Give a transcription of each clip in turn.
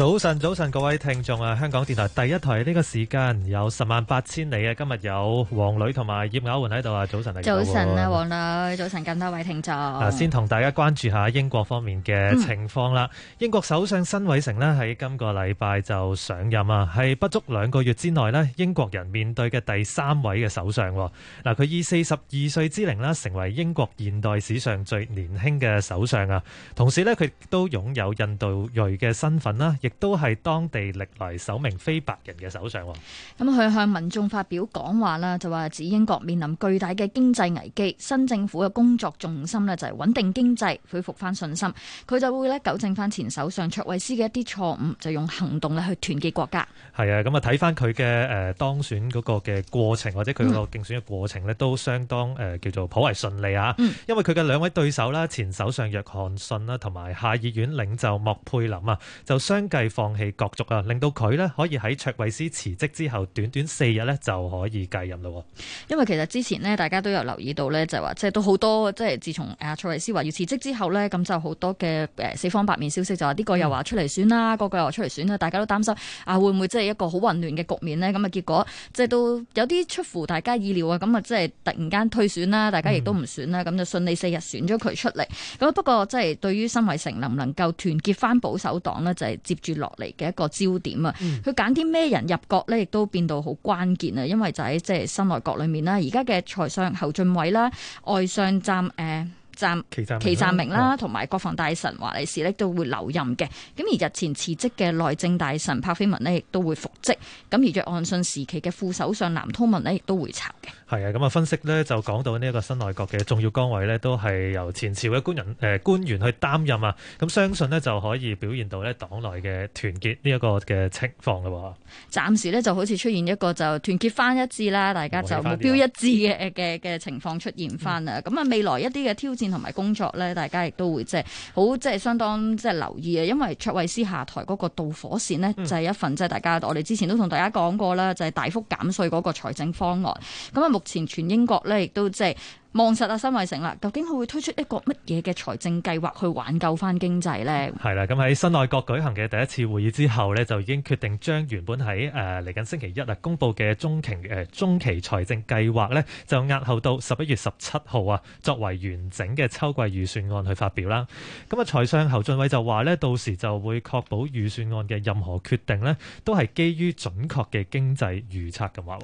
早晨，早晨，各位聽眾啊！香港電台第一台呢個時間有十萬八千里嘅，今日有黃磊同埋葉雅媛喺度啊！早晨，大家。早晨啊，黃磊，早晨，咁多位聽眾。嗱，先同大家關注下英國方面嘅情況啦。英國首相辛偉誠咧喺今個禮拜就上任啊，係不足兩個月之內咧，英國人面對嘅第三位嘅首相。嗱，佢以四十二歲之齡啦，成為英國現代史上最年輕嘅首相啊。同時咧，佢都擁有印度裔嘅身份啦，亦。亦都係當地歷來首名非白人嘅首相。咁佢向民眾發表講話啦，就話，指英國面臨巨大嘅經濟危機，新政府嘅工作重心呢就係穩定經濟、恢復翻信心。佢就會咧糾正翻前首相卓慧思嘅一啲錯誤，就用行動咧去團結國家。係啊，咁啊睇翻佢嘅誒當選嗰個嘅過程，或者佢個競選嘅過程呢，嗯、都相當誒叫做頗為順利啊。嗯、因為佢嘅兩位對手啦，前首相約翰遜啦，同埋下議院領袖莫佩林啊，就相計放棄角逐啊，令到佢呢可以喺卓慧斯辭職之後短短四日呢就可以繼任咯。因為其實之前呢，大家都有留意到呢，就係話即係都好多，即係自從阿卓慧斯話要辭職之後呢，咁就好多嘅誒四方八面消息就話呢個又話出嚟選啦，嗰、嗯、個,個又話出嚟選啦，大家都擔心啊會唔會即係一個好混亂嘅局面呢。咁啊結果即係都有啲出乎大家意料啊！咁啊即係突然間退選啦，大家亦都唔選啦，咁、嗯、就順利四日選咗佢出嚟。咁不過即係對於辛偉誠能唔能夠團結翻保守黨呢，就係、是、接。住落嚟嘅一個焦點啊，佢揀啲咩人入閣呢？亦都變到好關鍵啊！因為就喺即係新內閣裏面啦，而家嘅財相侯俊偉啦、外相祁誒、呃、祁、祁湛明啦，同埋、哦、國防大臣華麗士呢，都會留任嘅。咁而日前辭職嘅內政大臣柏菲文呢，亦都會復職。咁而約翰遜時期嘅副首相藍韜文呢，亦都會查嘅。係啊，咁啊分析咧就講到呢一個新內閣嘅重要崗位咧，都係由前朝嘅官人誒、呃、官員去擔任啊。咁相信呢就可以表現到呢黨內嘅團結呢一個嘅情況咯。暫時呢就好似出現一個就團結翻一致啦，大家就目標一致嘅嘅嘅情況出現翻啊。咁啊、嗯、未來一啲嘅挑戰同埋工作呢，大家亦都會即係好即係相當即係留意啊。因為卓慧斯下台嗰個導火線呢、嗯，就係一份即係大家我哋之前都同大家講過啦，就係大幅減稅嗰個財政方案。咁啊、嗯嗯目前全英國咧，亦都即係望實阿辛偉誠啦。究竟佢會推出一個乜嘢嘅財政計劃去挽救翻經濟呢？係啦，咁喺新內閣舉行嘅第一次會議之後呢，就已經決定將原本喺誒嚟緊星期一啊公佈嘅中期誒、呃、中期財政計劃呢，就押後到十一月十七號啊，作為完整嘅秋季預算案去發表啦。咁啊，財相侯俊偉就話呢，到時就會確保預算案嘅任何決定呢，都係基於準確嘅經濟預測嘅話。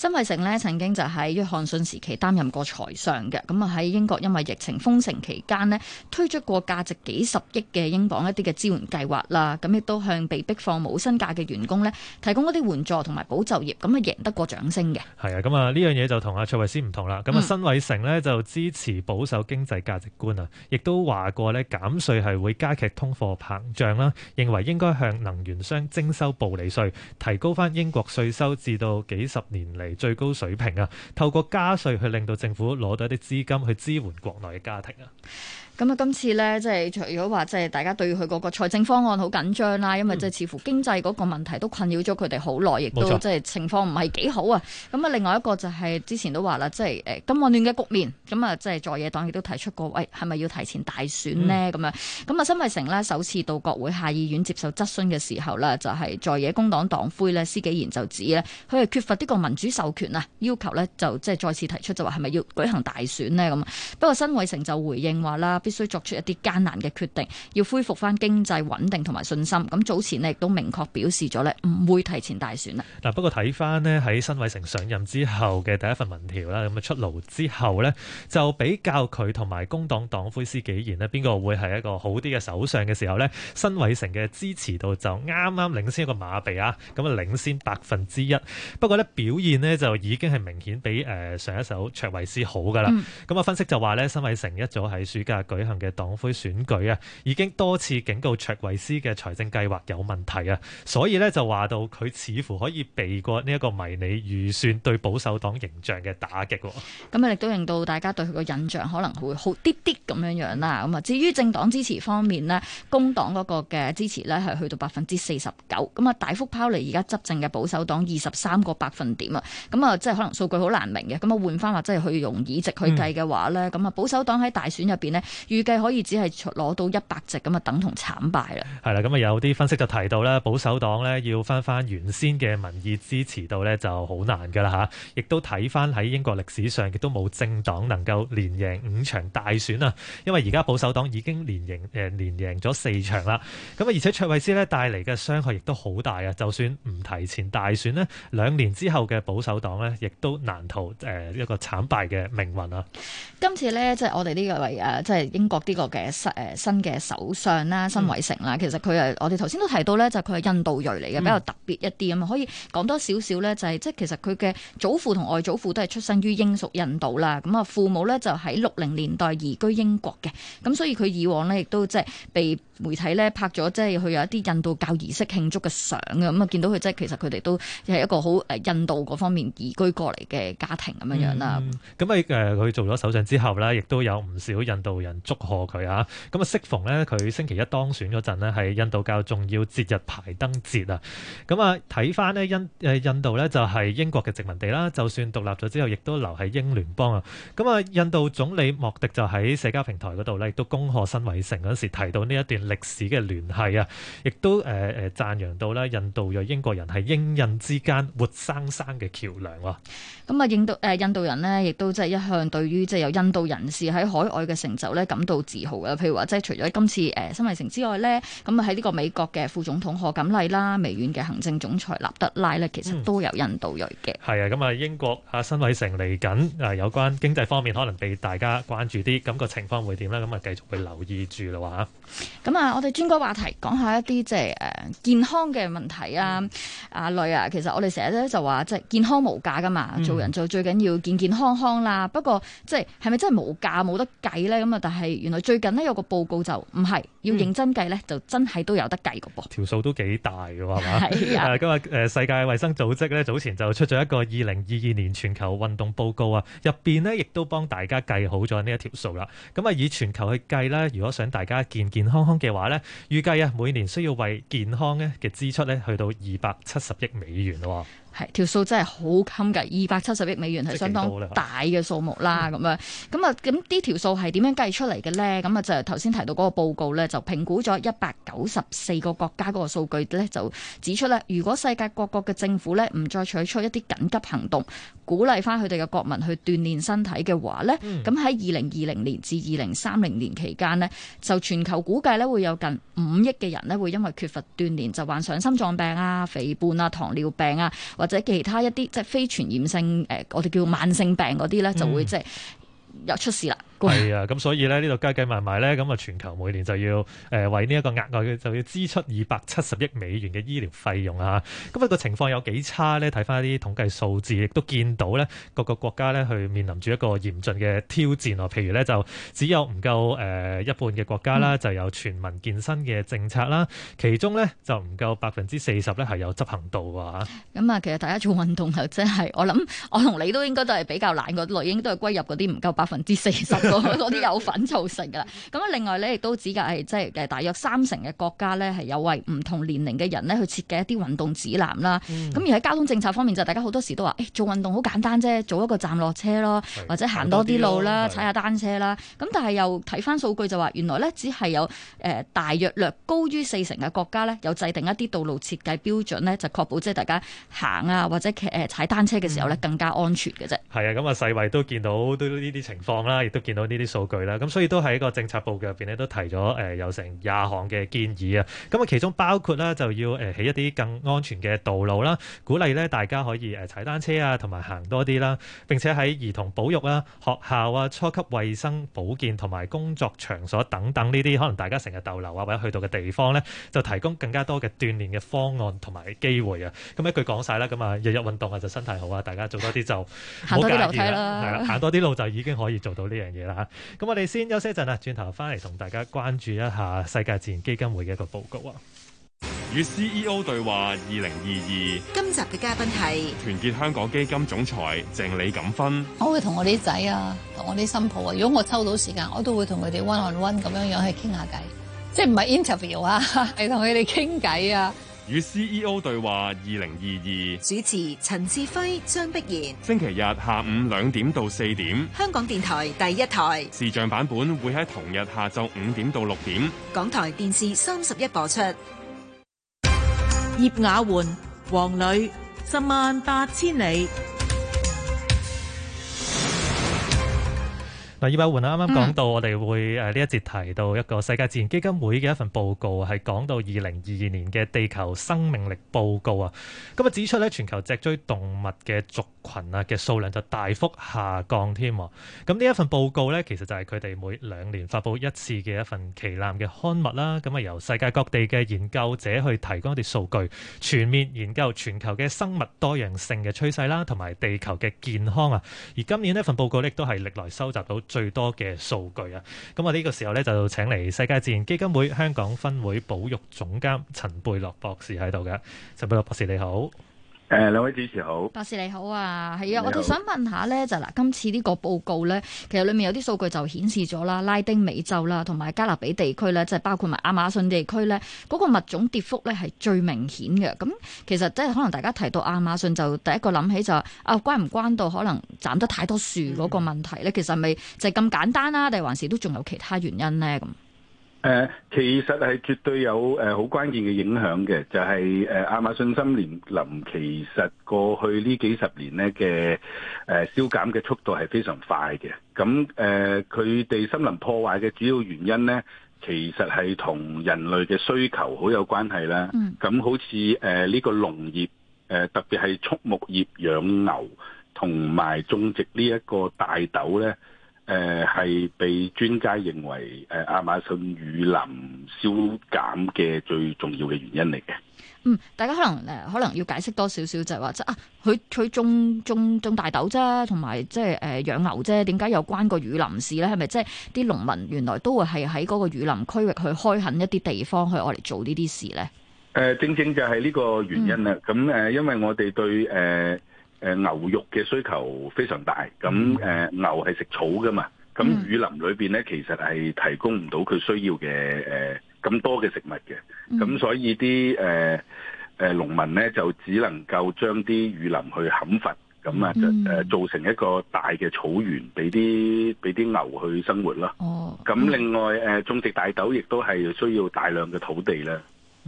辛偉誠咧曾經就喺約翰遜時期擔任過財相嘅。咁啊喺英國因為疫情封城期間咧推出過價值幾十億嘅英鎊一啲嘅支援計劃啦，咁亦都向被逼放冇薪假嘅員工咧提供嗰啲援助同埋保就業，咁啊贏得過掌聲嘅。係啊，咁啊呢樣嘢就卓慧同阿卓慧思唔同啦，咁啊辛偉誠呢，就支持保守經濟價值觀啊，亦都話過呢減稅係會加劇通貨膨脹啦，認為應該向能源商徵收暴利稅，提高翻英國稅收至到幾十年嚟。最高水平啊，透過加稅去令到政府攞到一啲資金去支援國內嘅家庭啊。咁啊，今次咧，即係除咗話，即係大家對佢嗰個財政方案好緊張啦，因為即係似乎經濟嗰個問題都困擾咗佢哋好耐，亦都即係情況唔係幾好啊。咁啊錯，另外一個就係、是、之前都話啦，即係咁金銀亂混嘅局面，咁啊，即係在野黨亦都提出過，喂，係咪要提前大選呢？咁樣、嗯，咁啊，新衛成呢，首次到國會下議院接受質詢嘅時候啦，就係、是、在野工黨黨魁呢。施紀賢就指呢，佢係缺乏呢個民主授權啊，要求呢就即係再次提出就話係咪要舉行大選呢。咁不過辛偉誠就回應話啦。必須作出一啲艱難嘅決定，要恢復翻經濟穩定同埋信心。咁早前咧亦都明確表示咗咧，唔會提前大選啦。嗱，不過睇翻呢，喺辛偉誠上任之後嘅第一份民調啦，咁啊出爐之後呢，就比較佢同埋工黨黨魁施紀賢呢，邊個會係一個好啲嘅首相嘅時候呢，辛偉誠嘅支持度就啱啱領先一個馬鼻啊，咁啊領先百分之一。不過呢，表現呢就已經係明顯比誒上一手卓慧思好㗎喇。咁啊、嗯、分析就話呢，辛偉誠一早喺暑假舉行嘅黨魁選舉啊，已經多次警告卓慧思嘅財政計劃有問題啊，所以咧就話到佢似乎可以避過呢一個迷你預算對保守黨形象嘅打擊。咁啊，亦都令到大家對佢個印象可能會好啲啲咁樣樣啦。咁啊，至於政黨支持方面呢，工黨嗰個嘅支持呢係去到百分之四十九，咁啊大幅拋離而家執政嘅保守黨二十三個百分點啊。咁啊，即係可能數據好難明嘅。咁啊，換翻話即係去用議席去計嘅話呢。咁啊、嗯、保守黨喺大選入邊呢。預計可以只係攞到一百席咁啊，等同慘敗啦。係啦，咁啊有啲分析就提到咧，保守黨呢要翻翻原先嘅民意支持度呢就好難噶啦吓，亦都睇翻喺英國歷史上亦都冇政黨能夠連贏五場大選啊。因為而家保守黨已經連贏誒、呃、連贏咗四場啦。咁啊，而且卓慧斯呢帶嚟嘅傷害亦都好大啊。就算唔提前大選呢，兩年之後嘅保守黨呢，亦都難逃誒一個慘敗嘅命運啊。今次呢，即、就、係、是、我哋呢個位誒即係。就是英國呢個嘅新新嘅首相啦，辛偉誠啦，嗯、其實佢誒我哋頭先都提到咧，就佢係印度裔嚟嘅，比較特別一啲咁啊，嗯、可以講多少少咧，就係即係其實佢嘅祖父同外祖父都係出生於英屬印度啦，咁啊父母咧就喺六零年代移居英國嘅，咁所以佢以往咧亦都即係被媒體咧拍咗即係佢有一啲印度教儀式慶祝嘅相啊，咁啊見到佢即係其實佢哋都係一個好誒印度嗰方面移居過嚟嘅家庭咁樣樣啦。咁喺佢做咗首相之後咧，亦都有唔少印度人。祝賀佢啊！咁、嗯、啊，適逢呢，佢星期一當選嗰陣呢，係印度教重要節日排燈節啊！咁、嗯、啊，睇翻呢，印印度呢，就係英國嘅殖民地啦，就算獨立咗之後，亦都留喺英聯邦啊！咁、嗯、啊，印度總理莫迪就喺社交平台嗰度呢，亦都恭賀辛偉誠嗰時提到呢一段歷史嘅聯繫啊，亦都誒誒、呃、讚揚到咧印度與英國人係英印之間活生生嘅橋梁咯！咁啊、嗯，印度、呃、印度人呢，亦都即係一向對於即係、就是、有印度人士喺海外嘅成就咧。感到自豪嘅，譬如話即係除咗今次誒辛偉誠之外咧，咁啊喺呢個美國嘅副總統賀錦麗啦，微軟嘅行政總裁納德拉咧，其實都有印度裔嘅。係啊、嗯，咁啊、嗯、英國啊辛偉誠嚟緊啊，有關經濟方面可能被大家關注啲，咁、那個情況會點咧？咁、嗯、啊繼續去留意住咯喎嚇。咁啊、嗯，嗯、我哋轉個話題，講一下一啲即係誒健康嘅問題啊阿類、嗯、啊，啊，其實我哋成日咧就話即係健康無價㗎嘛，嗯、做人就最緊要健健康康啦。不過即係係咪真係無價冇得計咧？咁啊，但係。係原來最近咧有個報告，就唔係要認真計呢，就真係都有得計噶噃條數都幾大噶係嘛？係啊，的今日世界衛生組織咧早前就出咗一個二零二二年全球運動報告啊，入邊呢亦都幫大家計好咗呢一條數啦。咁啊以全球去計咧，如果想大家健健康康嘅話呢，預計啊每年需要為健康咧嘅支出咧去到二百七十億美元。係條數真係好襟㗎，二百七十億美元係相當大嘅數目啦。咁樣咁啊，咁呢條數係點樣計出嚟嘅呢？咁啊，就頭先提到嗰個報告呢，就評估咗一百九十四個國家嗰個數據咧，就指出咧，如果世界各國嘅政府呢，唔再採取一啲緊急行動，鼓勵翻佢哋嘅國民去鍛煉身體嘅話呢，咁喺二零二零年至二零三零年期間呢，就全球估計呢，會有近五億嘅人呢，會因為缺乏鍛鍊就患上心臟病啊、肥胖啊、糖尿病啊。或者其他一啲，即係非傳染性，我哋叫慢性病嗰啲咧，就會即係又出事啦。嗯係吧啊，咁所以咧呢度加計埋埋咧，咁啊全球每年就要誒、呃、為呢一個額外嘅就要支出二百七十億美元嘅醫療費用啊！咁、那、一個情況有幾差咧？睇翻啲統計數字，亦都見到咧，各個國家咧去面臨住一個嚴峻嘅挑戰咯。譬如咧就只有唔夠誒、呃、一半嘅國家啦，就有全民健身嘅政策啦，其中咧就唔夠百分之四十咧係有執行度㗎嚇。咁啊，嗯、其實大家做運動又真係，我諗我同你都應該都係比較懶嗰類，應該都係歸入嗰啲唔夠百分之四十。嗰啲 有份造成噶啦，咁啊另外咧亦都指噶係即係大約三成嘅國家咧係有為唔同年齡嘅人呢去設計一啲運動指南啦，咁而喺交通政策方面就大家好多時都話誒做運動好簡單啫，做一個站落車咯，或者行多啲路啦，踩下單車啦，咁但係又睇翻數據就話原來咧只係有誒大約略高於四成嘅國家咧有制定一啲道路設計標準咧，就確保即係大家行啊或者騎誒踩單車嘅時候咧更加安全嘅啫。係啊，咁啊世衛都見到都呢啲情況啦，亦都見。到呢啲數據啦，咁所以都喺個政策報告入邊咧，都提咗有成廿項嘅建議啊。咁啊，其中包括啦，就要起一啲更安全嘅道路啦，鼓勵咧大家可以踩單車啊，同埋行多啲啦。並且喺兒童保育啊、學校啊、初級衛生保健同埋工作場所等等呢啲可能大家成日逗留啊或者去到嘅地方咧，就提供更加多嘅鍛煉嘅方案同埋機會啊。咁一句講晒啦，咁啊日日運動啊就身體好啊，大家做多啲就行多啲路啦，係啦，行多啲路就已經可以做到呢樣嘢。咁、嗯、我哋先休息一陣啊，轉頭翻嚟同大家關注一下世界自然基金會嘅一個報告啊。與 CEO 對話，二零二二，2022, 今集嘅嘉賓係團結香港基金總裁鄭李錦芬。我會同我啲仔啊，同我啲新抱啊，如果我抽到時間，我都會同佢哋 one on one 咁樣樣去傾下偈，即係唔係 interview 啊，係同佢哋傾偈啊。與 CEO 對話，二零二二，主持陳志輝、張碧然。星期日下午兩點到四點，香港電台第一台視像版本會喺同日下晝五點到六點，港台電視三十一播出。葉雅媛、黃磊，十萬八千里。嗱，葉百換啱啱講到我哋會，誒，呢一節提到一個世界自然基金會嘅一份報告，係講到二零二二年嘅地球生命力報告啊，咁啊指出咧，全球脊椎動物嘅族群啊嘅數量就大幅下降添，咁呢一份報告咧，其實就係佢哋每兩年發佈一次嘅一份旗艦嘅刊物啦。咁啊，由世界各地嘅研究者去提供一啲數據，全面研究全球嘅生物多樣性嘅趨勢啦，同埋地球嘅健康啊。而今年呢份報告咧，都係歷來收集到最多嘅數據啊。咁啊，呢個時候咧就請嚟世界自然基金會香港分會保育總監陳輩樂博士喺度嘅。陳輩樂博士你好。誒，兩位主持好，博士你好啊，係啊，好我哋想問下咧，就，嗱，今次呢個報告咧，其實裏面有啲數據就顯示咗啦，拉丁美洲啦，同埋加勒比地區咧，即係包括埋亞馬遜地區咧，嗰個物種跌幅咧係最明顯嘅。咁其實即係可能大家提到亞馬遜就，就第一個諗起就啊關唔關到可能斬得太多樹嗰個問題咧？嗯，其實咪就係咁簡單啦，定係還是都仲有其他原因咧咁。誒、呃，其實係絕對有誒，好、呃、關鍵嘅影響嘅，就係誒亞馬遜森林林其實過去呢幾十年咧嘅誒消減嘅速度係非常快嘅。咁誒，佢、呃、哋森林破壞嘅主要原因咧，其實係同人類嘅需求好有關係啦。咁、嗯、好似誒呢個農業誒、呃，特別係畜牧業養牛同埋種植呢一個大豆咧。誒，係、呃、被專家認為，誒亞馬遜雨林消減嘅最重要嘅原因嚟嘅。嗯，大家可能誒，可能要解釋多少少、就是，就係話即啊，佢佢種種種大豆啫，同埋即係誒養牛啫，點解有關個雨林事咧？係咪即係啲農民原來都會係喺嗰個雨林區域去開墾一啲地方去我嚟做這些事呢啲事咧？誒、呃，正正就係呢個原因啦。咁誒、嗯，因為我哋對誒。呃誒，牛肉嘅需求非常大，咁誒，牛係食草噶嘛，咁雨林裏邊咧，其實係提供唔到佢需要嘅誒咁多嘅食物嘅，咁所以啲誒誒農民咧就只能夠將啲雨林去砍伐，咁啊就誒造成一個大嘅草原俾啲俾啲牛去生活咯。哦，咁另外誒種植大豆亦都係需要大量嘅土地咧。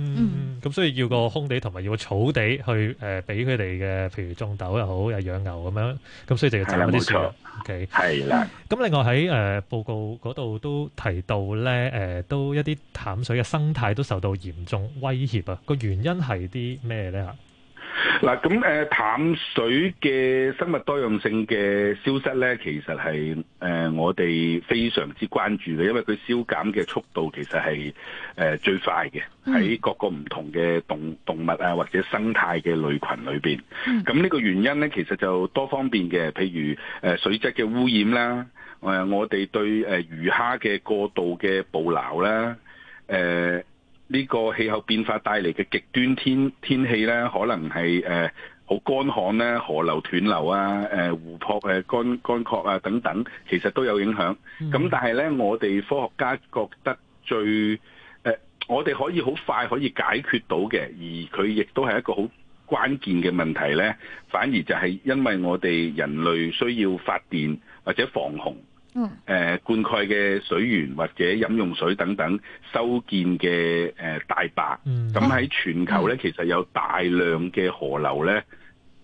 嗯，咁所以要個空地同埋要個草地去誒，俾佢哋嘅，譬如種豆又好，又養牛咁樣，咁所以就要砍一啲樹。冇錯，OK，係啦。咁 okay? 的另外喺誒、呃、報告嗰度都提到咧、呃，都一啲淡水嘅生態都受到嚴重威脅啊！個原因係啲咩咧？嗱，咁誒、啊、淡水嘅生物多樣性嘅消失咧，其實係誒、呃、我哋非常之關注嘅，因為佢消減嘅速度其實係誒、呃、最快嘅，喺各個唔同嘅動,動物啊或者生態嘅類群裏面。咁呢、嗯、個原因咧，其實就多方面嘅，譬如誒、呃、水質嘅污染啦，呃、我哋對誒、呃、魚蝦嘅過度嘅捕撈啦，誒、呃。呢個氣候變化帶嚟嘅極端天天氣呢，可能係誒好乾旱，河流斷流、呃、啊，湖泊乾乾涸啊等等，其實都有影響。咁、嗯、但係呢，我哋科學家覺得最、呃、我哋可以好快可以解決到嘅，而佢亦都係一個好關鍵嘅問題呢，反而就係因為我哋人類需要發電或者防洪。嗯，誒灌溉嘅水源或者飲用水等等，修建嘅誒大壩，咁喺、嗯、全球咧，嗯、其實有大量嘅河流咧，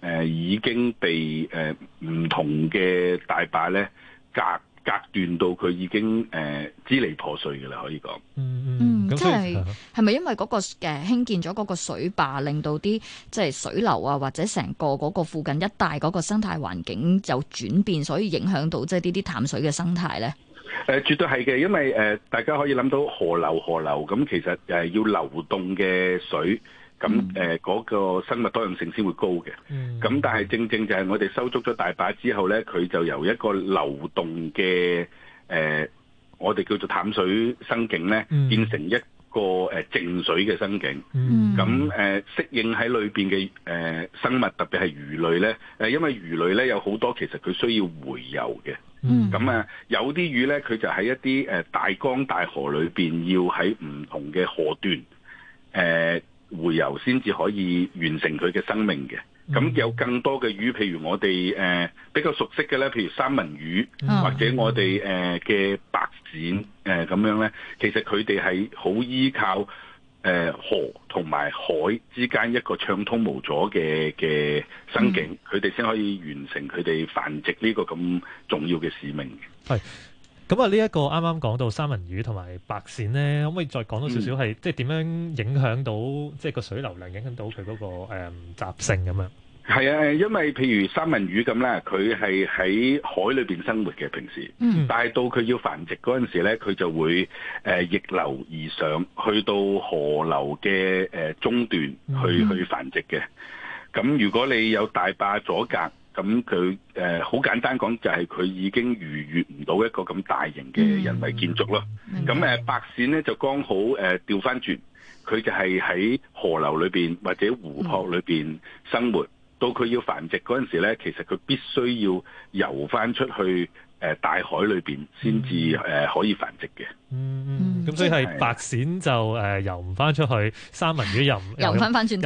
誒已經被誒唔同嘅大壩咧隔。隔斷到佢已經誒支離破碎嘅啦，可以講。嗯嗯，即係係咪因為嗰個誒興建咗嗰個水壩，令到啲即係水流啊，或者成個嗰個附近一帶嗰個生態環境就轉變，所以影響到即係呢啲淡水嘅生態咧？誒，絕對係嘅，因為誒大家可以諗到河流，河流咁，其實誒要流動嘅水。咁誒嗰個生物多樣性先會高嘅，咁、嗯、但係正正就係我哋收足咗大把之後咧，佢就由一個流動嘅誒、呃，我哋叫做淡水生境咧，變、嗯、成一個誒靜、呃、水嘅生境。咁誒、嗯嗯呃、適應喺裏面嘅誒、呃、生物，特別係魚類咧、呃，因為魚類咧有好多其實佢需要洄游嘅。咁、嗯、啊，有啲魚咧，佢就喺一啲大江大河裏面要河，要喺唔同嘅河段洄游先至可以完成佢嘅生命嘅，咁有更多嘅魚，譬如我哋誒、呃、比較熟悉嘅咧，譬如三文魚、啊、或者我哋誒嘅白鱔誒咁、呃、樣咧，其實佢哋係好依靠誒、呃、河同埋海之間一個暢通無阻嘅嘅生境，佢哋先可以完成佢哋繁殖呢個咁重要嘅使命嘅。係。咁啊，呢一個啱啱講到三文魚同埋白鱔咧，可唔可以再講多少少係即係點樣影響到、嗯、即係個水流量影響到佢嗰、嗰個誒、嗯、雜性咁樣？係啊，因為譬如三文魚咁咧，佢係喺海裏面生活嘅平時，但係到佢要繁殖嗰陣時咧，佢就會誒逆流而上去到河流嘅中段去去繁殖嘅。咁、嗯、如果你有大壩阻隔。咁佢誒好簡單講，就係佢已經逾越唔到一個咁大型嘅人為建築咯。咁、嗯、白鱔咧就剛好誒調翻轉，佢、呃、就係喺河流裏面或者湖泊裏面生活，嗯、到佢要繁殖嗰陣時咧，其實佢必須要游翻出去誒、呃、大海裏面先至誒可以繁殖嘅。嗯嗯，咁所以係白鱔就誒游唔翻出去，三文魚又游翻翻轉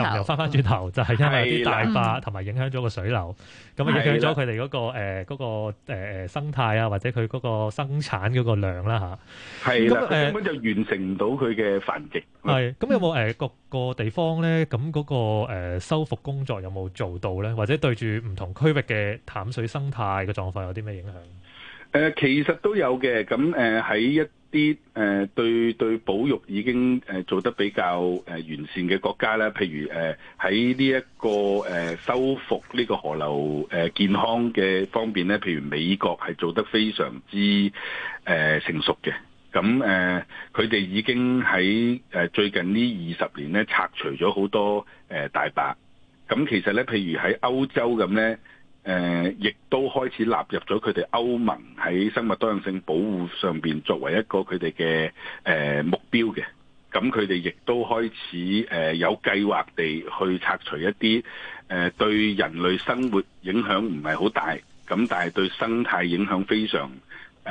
頭，就係因為啲大壩同埋影響咗個水流，咁啊影響咗佢哋嗰個誒嗰個誒生態啊，或者佢嗰個生產嗰個量啦吓，係咁根本就完成唔到佢嘅繁殖。係咁有冇誒各個地方咧？咁嗰個誒修復工作有冇做到咧？或者對住唔同區域嘅淡水生態嘅狀況有啲咩影響？誒，其實都有嘅。咁誒喺一啲誒對對保育已經誒做得比較誒完善嘅國家咧，譬如誒喺呢一個誒修復呢個河流誒健康嘅方面咧，譬如美國係做得非常之誒成熟嘅。咁誒佢哋已經喺誒最近呢二十年咧，拆除咗好多誒大壩。咁其實咧，譬如喺歐洲咁咧。誒，亦、呃、都開始納入咗佢哋歐盟喺生物多樣性保護上面作為一個佢哋嘅誒目標嘅。咁佢哋亦都開始誒、呃、有計劃地去拆除一啲誒、呃、對人類生活影響唔係好大，咁但係對生態影響非常。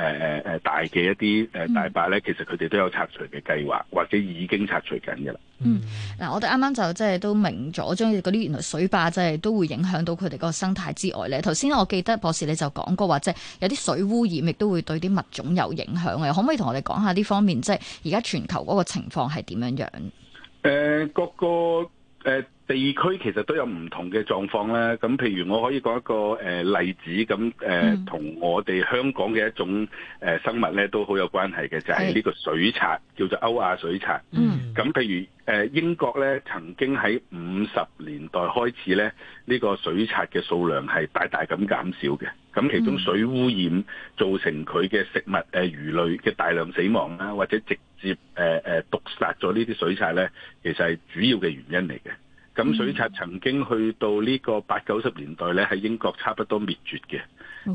誒誒誒，大嘅一啲誒大壩咧，呃嗯呃、其實佢哋都有拆除嘅計劃，或者已經拆除緊嘅啦。嗯，嗱、嗯啊，我哋啱啱就即係都明咗，將啲原來水壩，即係都會影響到佢哋個生態之外咧。頭先我記得博士你就講過，話即係有啲水污染，亦都會對啲物種有影響嘅。可唔可以同我哋講下呢方面，即係而家全球嗰個情況係點樣樣？誒、呃，各個誒。呃地區其實都有唔同嘅狀況啦。咁，譬如我可以講一個誒例子，咁誒同我哋香港嘅一種誒生物咧，都好有關係嘅，就係、是、呢個水獺，叫做歐亞水獺。咁、嗯，譬如誒英國咧，曾經喺五十年代開始咧，呢、這個水獺嘅數量係大大咁減少嘅。咁其中水污染造成佢嘅食物誒魚類嘅大量死亡啦，或者直接誒誒毒殺咗呢啲水獺咧，其實係主要嘅原因嚟嘅。咁水獺曾經去到呢個八九十年代咧，喺英國差不多滅絕嘅。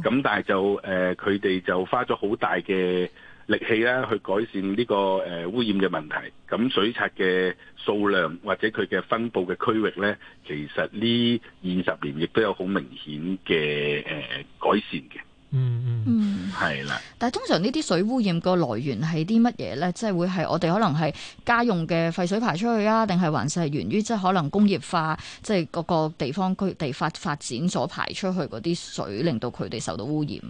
咁但係就誒，佢哋就花咗好大嘅力氣啦，去改善呢個誒污染嘅問題。咁水獺嘅數量或者佢嘅分佈嘅區域咧，其實呢二十年亦都有好明顯嘅誒改善嘅。嗯嗯嗯，係啦。但係通常呢啲水污染個來源係啲乜嘢呢？即係會係我哋可能係家用嘅廢水排出去啊，定係還是係源於即係可能工業化，即係各個地方區地發發展咗排出去嗰啲水，令到佢哋受到污染？誒、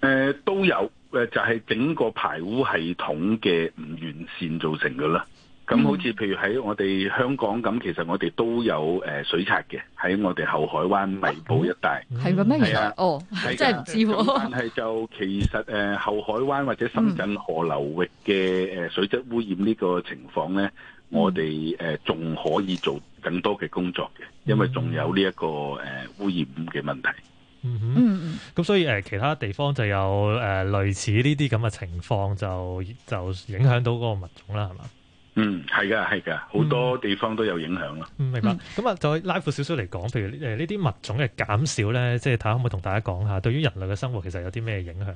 呃，都有誒，就係整個排污系統嘅唔完善造成噶啦。咁好似譬如喺我哋香港咁，其實我哋都有誒水獺嘅，喺我哋後海灣米埔一帶，係咪咩原因？哦，真係唔知喎。但係就其實誒後海灣或者深圳河流域嘅誒水質污染呢個情況咧，我哋誒仲可以做更多嘅工作嘅，因為仲有呢一個誒污染嘅問題。嗯嗯嗯，咁所以誒其他地方就有誒類似呢啲咁嘅情況，就就影響到嗰個物種啦，係嘛？嗯，係噶，係噶，好、嗯、多地方都有影響咯。明白。咁啊、嗯，再拉闊少少嚟講，譬如誒呢啲物種嘅減少咧，即係睇下可唔可以同大家講下，對於人類嘅生活其實有啲咩影響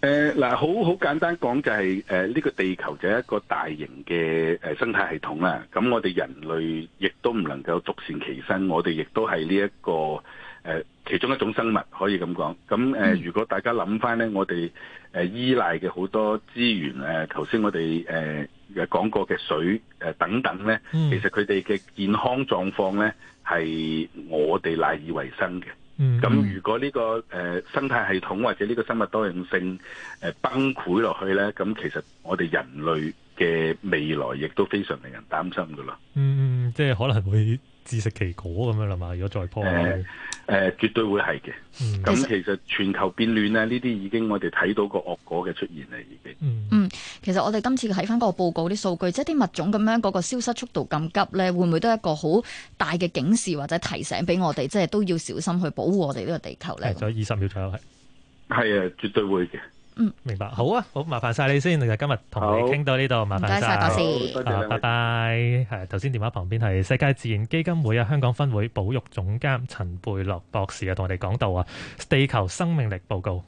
誒，嗱、呃，好好簡單講就係、是，誒、呃、呢、這個地球就係一個大型嘅誒生態系統啦。咁我哋人類亦都唔能夠獨善其身，我哋亦都係呢一個誒、呃、其中一種生物，可以咁講。咁誒、呃，嗯、如果大家諗翻咧，我哋誒依賴嘅好多資源誒，頭、呃、先我哋誒。呃誒講過嘅水誒等等咧，嗯、其實佢哋嘅健康狀況咧係我哋賴以為生嘅。咁、嗯、如果呢、呢個誒、呃、生態系統或者呢個生物多樣性誒、呃、崩潰落去咧，咁其實我哋人類嘅未來亦都非常令人擔心噶啦。嗯，即係可能會自食其果咁樣啦嘛。如果再破，誒誒、呃呃，絕對會係嘅。咁、嗯、其實全球變暖咧，呢啲已經我哋睇到個惡果嘅出現啦，已經、嗯。其實我哋今次睇翻嗰個報告啲數據，即係啲物種咁樣嗰個消失速度咁急咧，會唔會都係一個好大嘅警示，或者提醒俾我哋，即係都要小心去保護我哋呢個地球咧？係。仲有二十秒左右。係，係啊、嗯，絕對會嘅。嗯，明白。好啊，好麻煩晒你先，其實今日同你傾到呢度，好麻煩晒博士，多謝、謝，拜拜。係頭先電話旁邊係世界自然基金會啊香港分會保育總監陳輩樂博士啊，同我哋講到啊，地球生命力報告。